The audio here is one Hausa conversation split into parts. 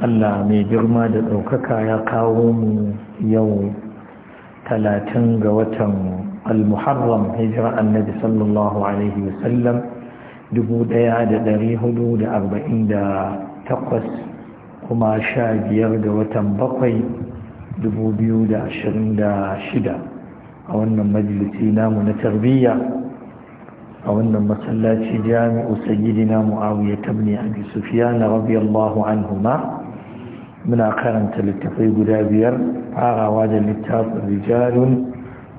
Allah mai girma da ɗaukaka ya kawo mu yau talatin ga watan al-muharram hijira annabi sallallahu alaihi wasallam dubu ɗaya da ɗari hudu da arba'in da takwas kuma sha biyar ga watan bakwai dubu biyu da ashirin da shida a wannan majalisi namu na tarbiyya a wannan masallaci jami'u sayyidina mu'awiyah tabni abi sufyan radiyallahu anhuma muna karanta littafai guda biyar farawa da littafin rijalun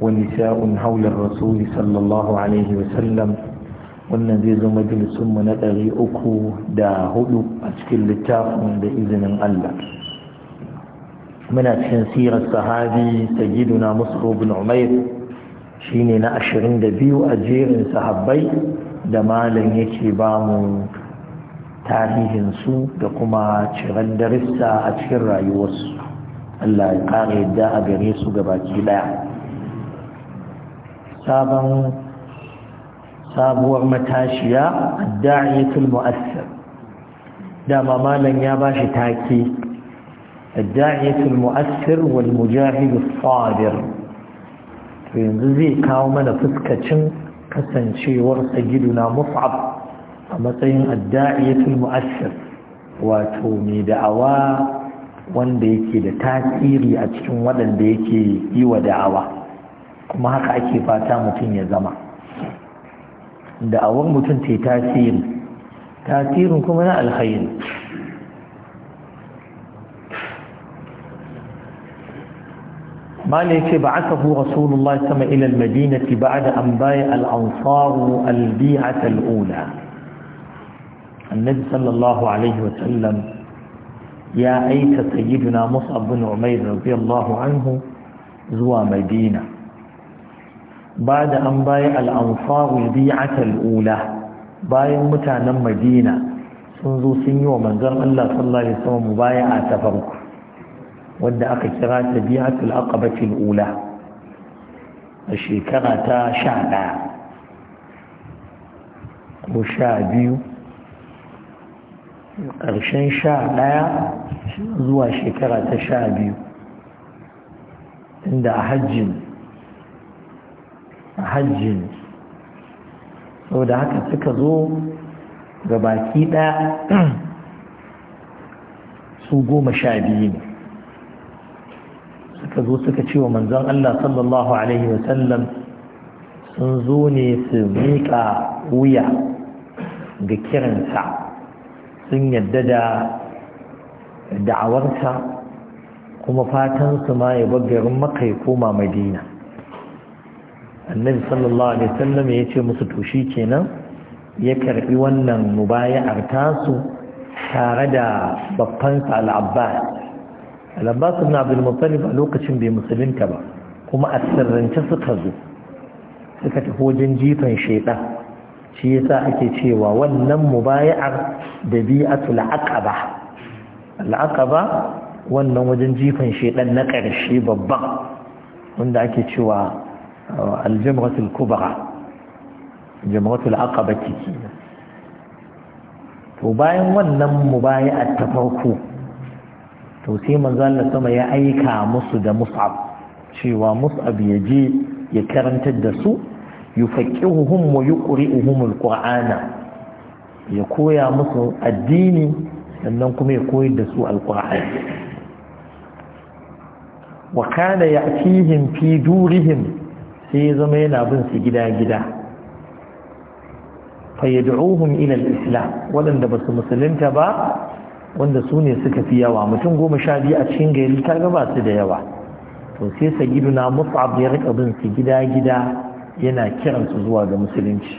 wani sa'un haular rasuli sallallahu alaihi wasallam wannan zai zama mu na ɗari uku da hudu a cikin littafin da izinin Allah muna cikin sirar sahabi sayyiduna na bin umair shine na ashirin da biyu a jerin sahabbai da malam yake ba mu tarihinsu da kuma ciran darissa a cikin rayuwarsu Allah ya ƙara yadda a gare su baki ɗaya sabon sabuwar matashiya adda'iyatul mu'assir dama malam ya bashi take adda'iyatul mu'assir wal mujahidu as to yanzu zai kawo mana fuskacin kasancewar sayyiduna mus'ab a matsayin adda'iyatul mu'assir wato mai da'awa wanda yake da tasiri a cikin waɗanda yake yi wa da'awa kuma haka ake fata mutum ya zama da'awar mutum ce tasiri tasirin kuma na alkhairi مالك بعثه رسول الله صلى الله عليه وسلم إلى المدينة بعد أن بايع الأنصار البيعة الأولى annabi sallallahu alaihi wasallam ya aika sayyiduna mus'ab bin umair radiyallahu anhu zuwa madina ba da an bayi al'amfaru bi'atal ula bayan mutanen madina sun zo sun yi wa manzon Allah sallallahu alaihi wasallam mubaya'a ta farko wadda aka kira ta bi'atul aqabatil ula a shekara ta 11 ƙarshen sha ɗaya zuwa shekara ta sha biyu inda a hajjin a hajjin sau haka suka zo ga baki ɗaya su goma sha biyu ne suka zo suka ce wa manzon Allah sallallahu Alaihi wasallam sun zo ne su miƙa wuya ga kiransa sun yadda da da'awarsa kuma fatansu ma ya baggarin maka ya koma madina annabi sallallahu alaihi wasallam ya ce musu to shi kenan ya karbi wannan mubaya'ar tasu tare da babbansa al'abbas al'abbas ibn abdul muttalib a lokacin bai musulunta ba kuma a sirrance suka zo suka tafi wajen jifan shaidan shi yasa ake cewa wannan mubaya'ar dabi'atul aqaba al wannan wajen jifan shedan na ƙarshe babban wanda ake cewa uh, al kubra jamratul aqaba kike to bayan wannan mubaya'ar ta farko to sai manzo Allah sama ya aika musu da mus'ab cewa mus'ab ya je ya karantar da su yufaqihuhum wa yuqri'uhum alqur'ana ya koya musu addini sannan kuma ya koyar da su alqur'ani wa kana ya'tihim fi durihim sai ya zama yana bin su gida gida fa yad'uhum ila al-islam wadanda basu musulunta ba wanda su ne suka fi yawa mutum goma sha biyu a cikin gari ta gaba su da yawa to sai musu abu ya rika bin su gida gida yana kiransu zuwa ga musulunci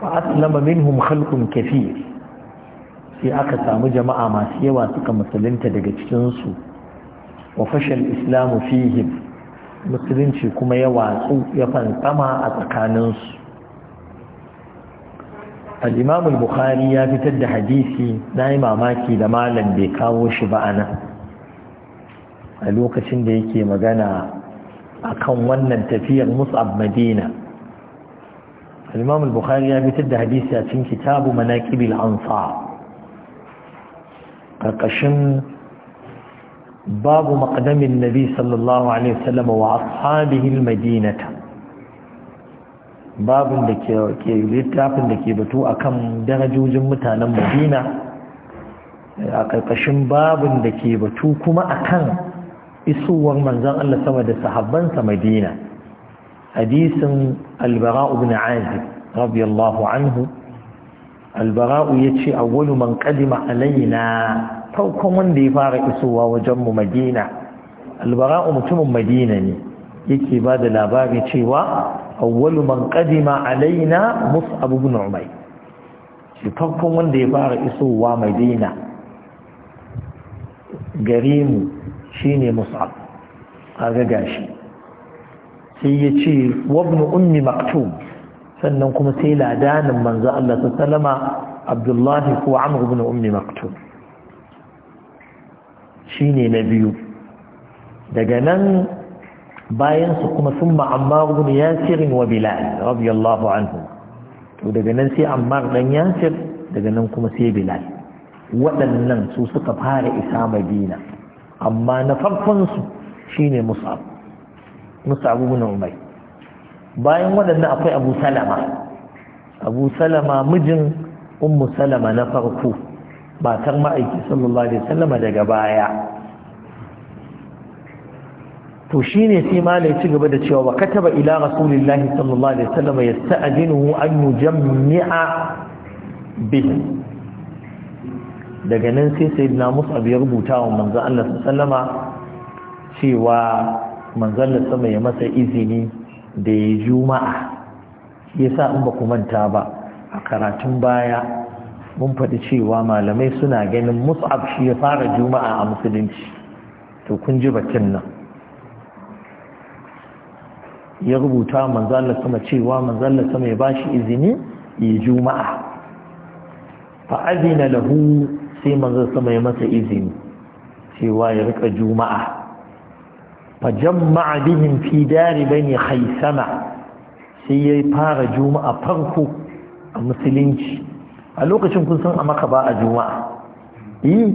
fa aslama minhum khalqun kathir sai aka samu jama'a masu yawa suka musulunta daga cikin su wa fashal islamu fihim musulunci kuma ya watsu ya fantsama a tsakanin su bukhari ya fitar da hadisi na yi mamaki da malam bai kawo shi ba a nan. a lokacin da yake magana akan wannan tafiyar mus'ab madina al bukhari ya fitar da hadisi a cikin kitabu manaqib al-ansar karkashin babu maqdamin nabi sallallahu alaihi wasallam wa ashabihi al-madinata babin da ke littafin da ke batu akan darajojin mutanen madina a karkashin babu da ke batu kuma akan isuwar manzan Allah sama da sahabbansa Madina hadisin Albara'u bin azib radiyallahu anhu albara'u ya ce awwalu man qadima alaina farkon wanda ya fara isowa wajen mu Madina albara'u mutumin Madina ne yake ba da labari cewa awwalu man qadima alaina mus'ab ibn umayr shi farkon wanda ya fara isowa Madina gare mu Shi shine mus'ab ga gashi sai ya ce wabnu ummi maktum sannan kuma sai ladanin manzo Allah ta salama abdullahi ko amur ibn ummi maktum shine na biyu daga nan bayan su kuma sun ma'ammar ibn yasirin wa bilal radiyallahu anhu to daga nan sai ammar dan yasir daga nan kuma sai bilal waɗannan su suka fara isa madina amma na farkonsu shi ne musab musab ibn umai. bayan waɗannan akwai abu salama abu salama mijin ummu salama na farko matar ma'aiki sallallahu alaihi salama daga baya to shine sai malai ci gaba da cewa wa kataba ila rasulillahi sallallahu alaihi wasallama yasta'dinuhu an yujammi'a bihi daga nan sai sayyidina mus'ab ya rubuta wa manzo Allah sallama cewa manzo Allah sama ya masa izini da ya juma'a yasa in ba ku manta ba a karatun baya mun faɗi cewa malamai suna ganin mus'ab shi ya fara juma'a a musulunci to kun ji batun nan ya rubuta manzo Allah sama cewa manzo Allah sama ya bashi izini ya juma'a fa azina lahu sai manzan sama ya mata izini cewa ya rika juma'a ba bihim fi dari bani haisama sai ya fara juma'a farko a musulunci a lokacin kun san a maka ba a juma'a yi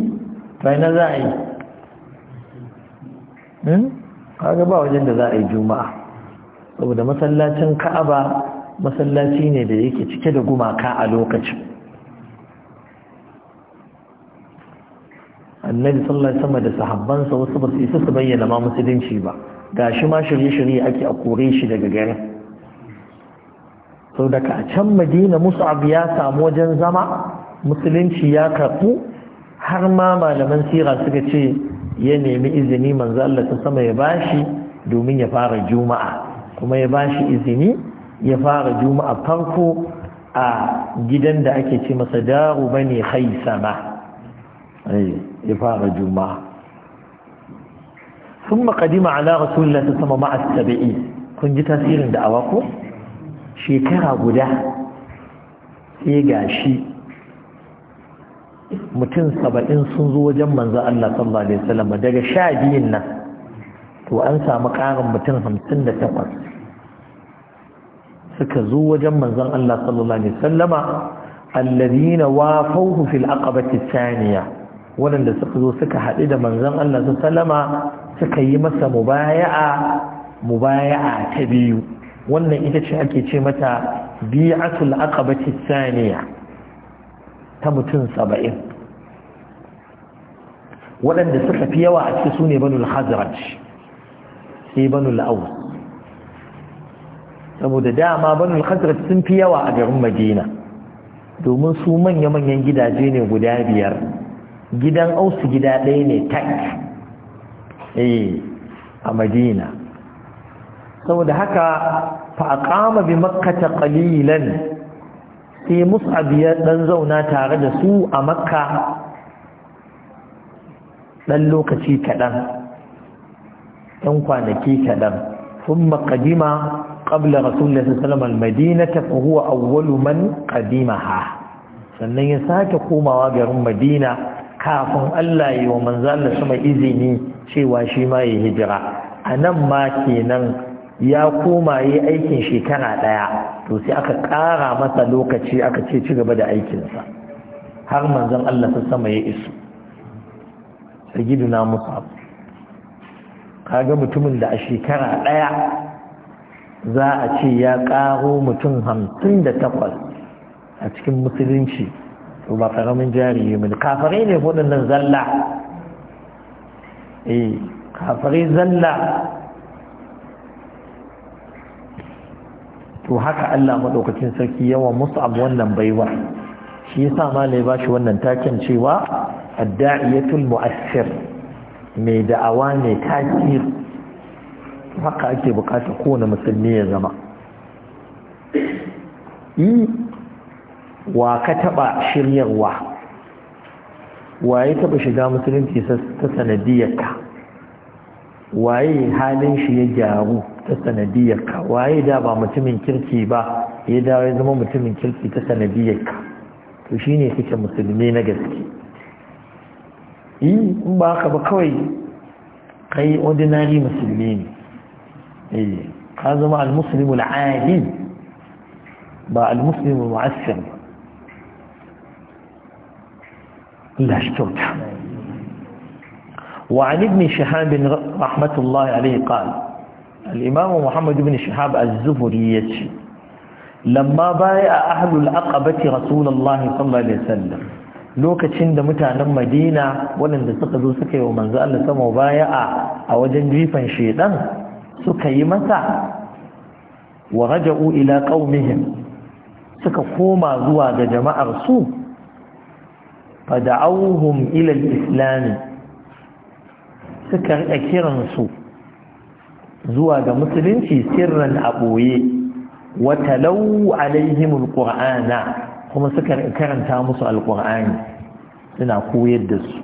bai ina za a yi hmm? kaga ba wajen da za a yi juma'a saboda masallacin ka'aba masallaci ne da yake cike da gumaka a lokacin annabi sallallahu alaihi da sahabbansa wasu ba su isa su bayyana ma musulunci ba Ga shi ma shirye-shirye ake a kore shi daga garin sau daga a can madina mus'ab ya samu wajen zama musulunci ya karɓu har ma malaman sira suka ce ya nemi izini manzo Allah ta sama ya bashi domin ya fara juma'a kuma ya bashi izini ya fara juma'a farko a gidan da ake ce masa daru bane khaisama ya fara juma'a sun makadima ala rasulullah ta sama ma'a saba'i kun ji tasirin da awa ko shekara guda sai ga shi mutum saba'in sun zo wajen manzo Allah sallallahu alaihi wasallam daga sha biyun nan to an samu ƙarin mutum hamsin da takwas suka zo wajen manzon Allah sallallahu alaihi wasallama allazina wafawhu fil aqabati thaniya waɗanda suka zo suka haɗu da manzon Allah su salama suka yi masa mubaya'a mubaya'a ta biyu wannan ita ce ake ce mata bi'atul aqabati saniya ta mutum saba'in waɗanda suka fi yawa a cikin su ne banul hazraj sai banul aus saboda dama banul hazraj sun fi yawa a garin madina domin su manya-manyan gidaje ne guda biyar gidan ausu gida ɗaya ne tak eh a madina saboda haka fa'a kama bi makkata qalilan sai mus'ab ya dan zauna tare da su a makka dan lokaci kadan dan kwanaki kadan thumma qadima ƙabla rasulullahi sallallahu alaihi wasallam almadinata fa huwa awwalu man sannan ya sake komawa garin madina kafin Allah yi wa manzo Allah mai izini cewa shi ma ya hijira a nan ma kenan ya koma yi aikin shekara ɗaya to sai aka ƙara masa lokaci aka ce ci gaba da aikinsa har manzon Allah ta sama ya isu sagiduna musa kaga mutumin da a shekara ɗaya za a ce ya ƙaro mutum hamsin da takwas a cikin musulunci to ba karamin jari mun kafare ne waɗannan zalla eh kafare zalla to haka Allah madaukakin sarki yawa abu wannan baiwa shi yasa ne ba shi wannan takin cewa adda'iyatul mu'assir mai da'awa mai takir haka ake bukata kowane musulmi ya zama eh, wa ka taɓa shiryarwa ya taɓa shiga musulunci ta sanadiyarka waye halin shi ya gyaru ta sanadiyarka waye da ba mutumin kirki ba ya dawo ya zama mutumin kirki ta sanadiyarka to shine kake musulmi na gaske in ba ka ba kawai kai ordinary musulmi ne eh, ka zama al musulmi al ba al-muslimu mu'assir Allah shi kyauta وعن ابن شهاب رحمة الله عليه قال الإمام محمد بن شهاب الزهري لما بايع أهل الأقبة رسول الله صلى الله عليه وسلم lokacin da mutanen Madina waɗanda suka zo suka yi wa manzo Allah sama baya'a a wajen jifan shedan suka yi masa wa raja'u ila qaumihim suka koma zuwa ga jama'ar su fada'auhum ila al-islam suka riƙa kiran su zuwa ga musulunci sirran a ɓoye wa talau alaihim al-qur'ana kuma suka karanta musu al-qur'ani suna koyar da su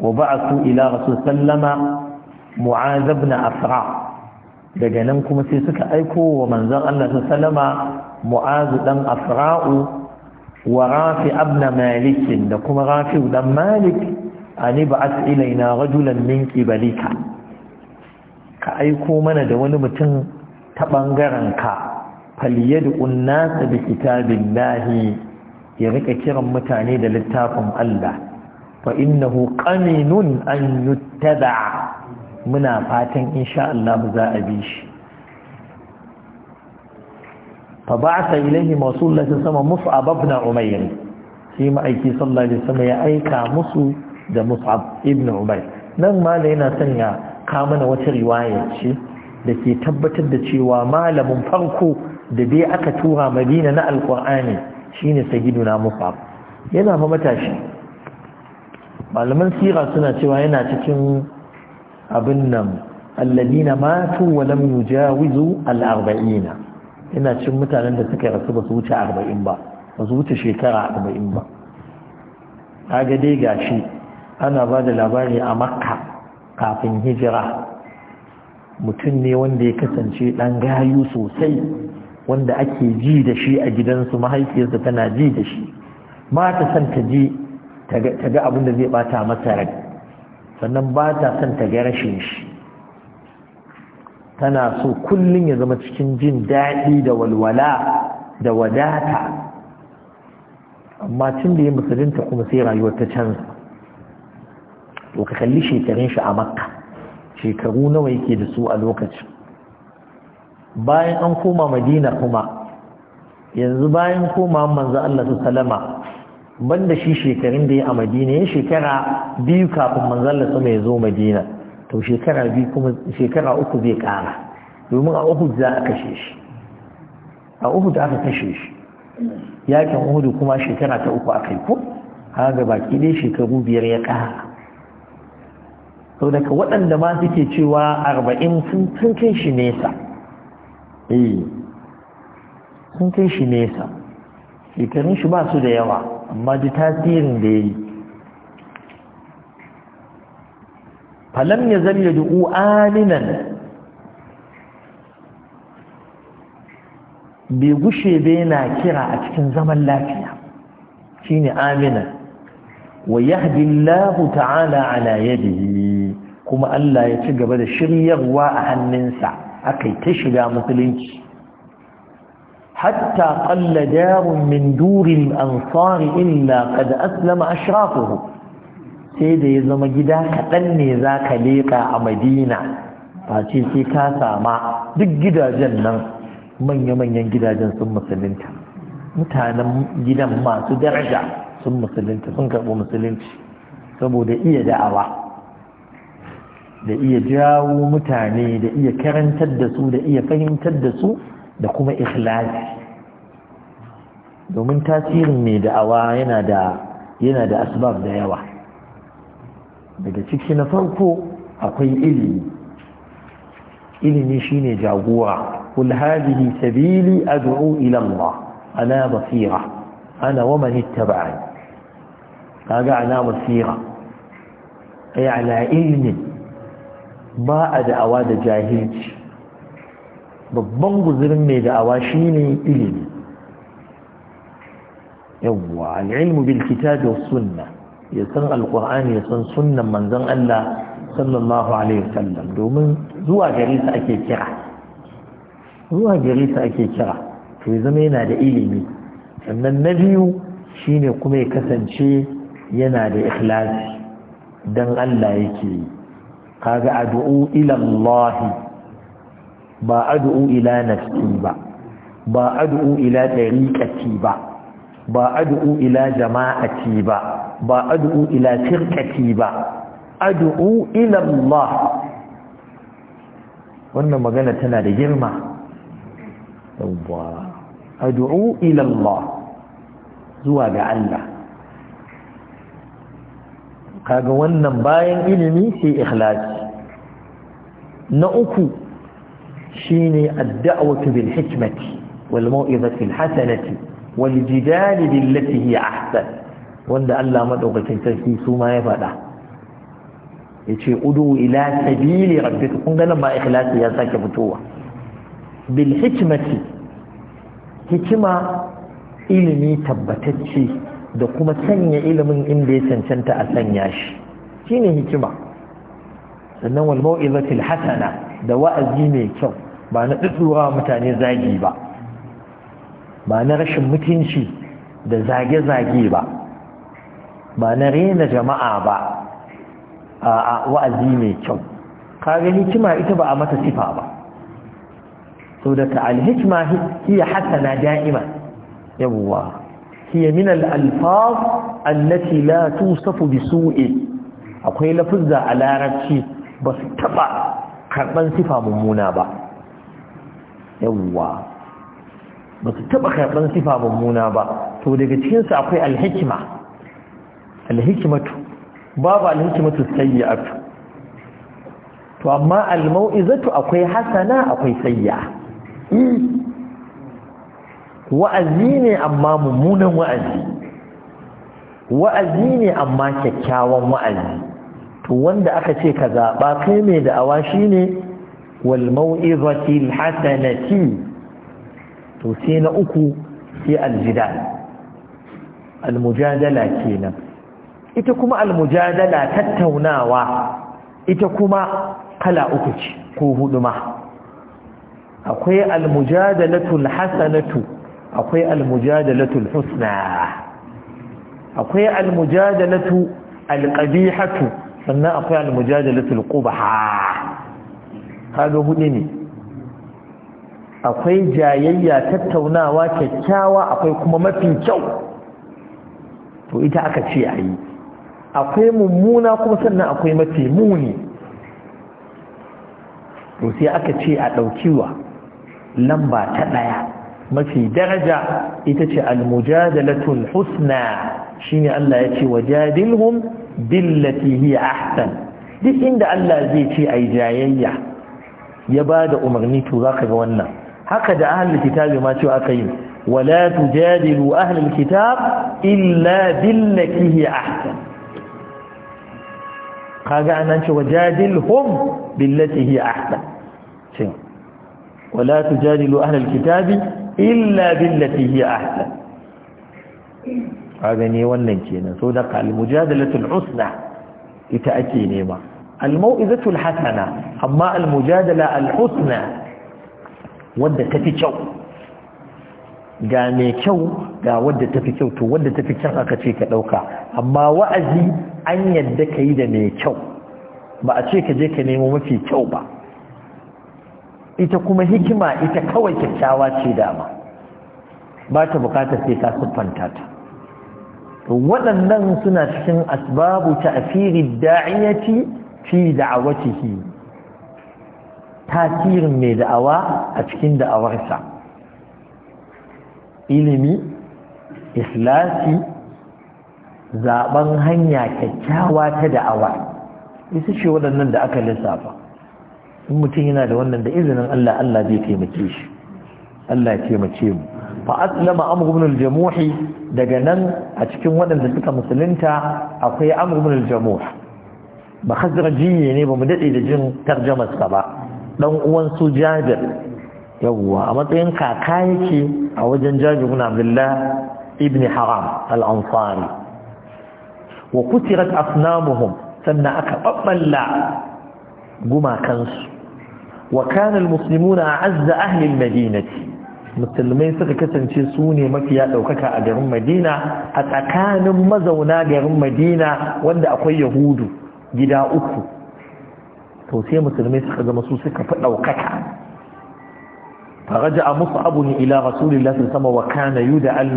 wa ba'athu ila rasul sallama mu'az ibn afra daga nan kuma sai suka aiko wa manzon Allah sallama mu'az dan afra'u wa rafi abna malikin da kuma rafi dan malik ani ba'at ilaina rajulan min qibalika ka aiko mana da wani mutum ta ɓangaren ka falyad'un nas bi lahi. ya rika kiran mutane da littafin Allah fa innahu qaminun an yuttaba muna fatan insha Allah za a bi shi fa ba'atha ilayhi rasulullah sallallahu mus'ab ibn umayr shi ma'aiki sallallahu alaihi wasallam ya aika musu da mus'ab ibn umayr nan mala yana sanya ka mana wata riwaya ce da ke tabbatar da cewa malamin farko da dai aka tura madina na alkur'ani shine sayyiduna mus'ab yana fa matashi malaman sira suna cewa yana cikin abin nan alladina matu wa lam yujawizu al-arba'ina Ina cin mutanen da suka rasu ba su wuce arba'in ba ba su wuce shekara arba'in ba kaga dai gashi ana ba da labari a makka kafin hijira mutum ne wanda ya kasance ɗan gayu sosai wanda ake ji da shi a gidansu mahaifiyarsa tana ji da shi ba ta son ta ji ta ga abin da zai bata masa rai sannan ba ta son ta ga rashin shi tana so kullum ya zama cikin jin daɗi da walwala da wadata amma tun da ya musulunta kuma sai rayuwar ta canza to ka kalli shekarun shi a makka shekaru nawa yake da su a lokacin bayan an koma madina kuma yanzu bayan koma manzo Allah su salama banda shi shekarun da ya a madina ya shekara biyu kafin manzo Allah su mai zo madina to shekara biyu kuma shekara uku zai kara domin a uhud za a kashe shi a uhud aka kashe shi yakin uhud kuma shekara ta uku aka yi ko ga baki dai shekaru biyar ya kara sau daga waɗanda ma suke cewa arba'in sun kai shi nesa eh sun kai shi nesa shekarun shi ba su da yawa amma da tasirin da ya yi falam ya zan yad'u aminan bai gushe bai na kira a cikin zaman lafiya shine Amina. wa yahdi Allah ta'ala ala yadihi kuma Allah ya ci gaba da shiryarwa a hannunsa akai ta shiga musulunci Hatta قل دار من دور الأنصار إلا قد أسلم أشرافه sai da ya zama gida kaɗan ne za ka leƙa a madina ba ce sai ka sama duk gidajen nan manya-manyan gidajen sun musulunta mutanen gidan masu daraja sun musulunta sun karɓi musulunci saboda iya da'awa da iya jawo mutane da iya karantar da su da iya fahimtar da su da kuma ikhlasi domin tasirin mai da'awa yana da asbab da yawa daga ciki na farko akwai ilimi ilimi shine jagora kul hadhihi sabili ad'u ila Allah ana basira ana wa man ittaba'ani kaga ana basira ay ala ilmi ba a da'awa da jahilci babban guzurin mai da'awa shine ilimi yawwa al-ilmu bil kitabi was sunnah ya san alkur'ani ya san sunnan manzon Allah sallallahu alaihi wasallam domin zuwa gare ake kira zuwa gare ake kira to ya zama yana da ilimi sannan na biyu shine kuma ya kasance yana da ikhlasi dan Allah yake yi kaga addu'u ila Allah ba addu'u ila nafsi ba ba addu'u ila tariqati ba ba addu'u ila jama'ati ba ba adu'u ila firqati ba adu'u ila Allah wannan magana tana da girma yawwa ad'u ila Allah zuwa ga Allah kaga wannan bayan ilimi sai ikhlasi na uku shine ad-da'watu bil hikmati wal mau'izati al hasanati wal jidali billati hiya ahsan wanda Allah madaukakin sarki su ma ya faɗa Ya ce udu ila sabili rabbika kun ganin ba ikhlasi ya sake fitowa bil hikmati hikima ilimi tabbatacce da kuma sanya ilimin inda ya cancanta a sanya shi shine hikima sannan wal mau'izatil hasana da wa'azi mai kyau ba na dudduwa mutane zagi ba ba na rashin mutunci da zage-zage ba ba na rena jama'a ba a wa'azi mai kyau kaga hikima ita ba a mata sifa ba so da ta alhikma hiya hasana da'ima yawwa hiya min al-alfaz allati la tusafu bi su'i akwai lafuzza a larabci ba su taba karban sifa mummuna ba yawwa ba su taba karban sifa mummuna ba to daga cikin su akwai alhikma alhikimatu babu alhikimatu sayyi'atu to amma almau'izatu akwai hasana akwai sayya hmm. wa'azi ne amma mummunan wa'azi wa'azi ne amma kyakkyawan wa'azi to wanda aka ce ka zaɓa kai mai da awa shine wal mau'izati alhasanati to sai na uku sai al-mujadala kenan ita kuma almujadala tattaunawa ita kuma kala uku ce ko hudu ma akwai almujadalatul hasanatu akwai almujadalatul husna akwai almujadalatu alqabihatu sannan akwai almujadalatul qubha kaga hudu ne akwai jayayya tattaunawa kyakkyawa akwai kuma mafi kyau to ita aka ce ayi akwai mummuna kuma sannan akwai mafi muni to sai aka ce a ɗaukiwa lamba ta ɗaya mafi daraja ita ce almujadalatul husna shine Allah ya ce wajadilhum billati hiya ahsan duk inda Allah zai ce ai jayayya ya bada umarni to zaka ga wannan haka da ahlul kitabi ma cewa aka yi wala tujadilu ahlul kitab illa billati hiya ahsan kaga anan ce wajadilhum billati hi ahsan cin wala tujadilu ahlal kitabi illa billati hi ahsan kaga ne wannan kenan so da al mujadalatul husna ita ake nema al mau'izatul hasana amma al mujadala al husna wadda tafi kyau ga mai kyau ga wadda tafi kyau to wadda tafi kyan aka ce ka dauka amma wa'azi an yadda ka yi da mai kyau ba a ce ka je ka nemo mafi kyau ba ita kuma hikima ita kawai kyakkyawa ce dama ba ta bukatar sai ka siffanta ta waɗannan suna cikin asbabu ta asiri da'iyati fi ciki. tasirin mai da'awa a cikin da'awarsa ilimi ikhlasi zaben hanya kyakkyawa ta da'awa isa ce waɗannan da aka lissafa in mutum yana da wannan da izinin Allah Allah zai taimake shi Allah ya taimake mu fa aslama amr ibn al-jamuh daga nan a cikin waɗanda suka musulunta akwai amr ibn al-jamuh ba khazraji ne ba mu dade da jin tarjumar sa ba dan uwan su jabir yawwa a matsayin kaka yake a wajen jabir ibn abdullah ibn haram al-ansari wa kutirat asnamuhum sannan aka babballa gumakansu wa kana almuslimuna a'azza ahli almadinati musulmai suka kasance su ne mafiya ɗaukaka a garin madina a tsakanin mazauna garin madina wanda akwai yahudu gida uku to sai musulmai suka zama su suka fi ɗaukaka faraja a musu abu ne ila rasulullah sun sama wa kana yuda al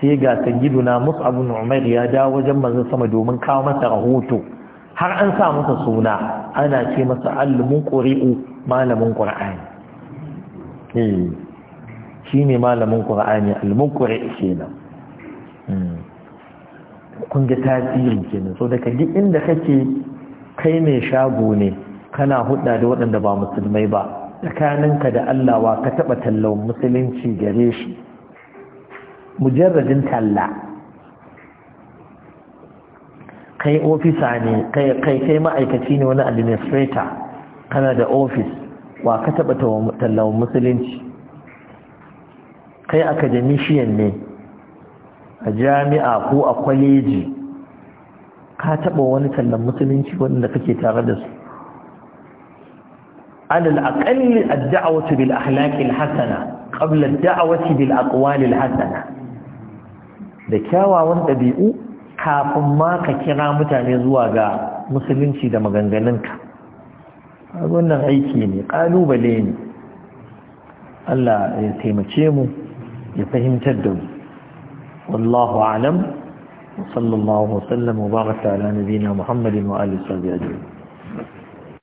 sai ga sayyiduna musu ibn Umar ya dawo wajen manzon sama domin kawo masa rahoto har an sa masa suna ana ce masa allumin ƙuri'u malamin ƙura'ani eh shine malamin qur'ani eh, allumin quri'u kenan hmm. kun ga tasirin kenan so daga duk inda kake kai mai shago ne kana hudda da waɗanda ba musulmai ba tsakaninka da Allah wa ka taɓa tallon musulunci gare shi mujarradin talla kai ofisa ne kai kai ma'aikaci ne wani administrator kana da ofis wa ka taba tallawan musulunci kai akademishiyan ne a jami'a ko a kwaleji ka taba wani tallan musulunci wanda kake tare da su على الأقل الدعوة بالأخلاق الحسنة bil الدعوة بالأقوال Hassana. da kyawawan ɗabi'u kafin ma ka kira mutane zuwa ga musulunci da maganganunka wannan aiki ne ƙalubale ne Allah ya taimace mu ya fahimtar da mu wallahu alam sallallahu sallam wa baraka ala muhammadin wa alihi wa sahbihi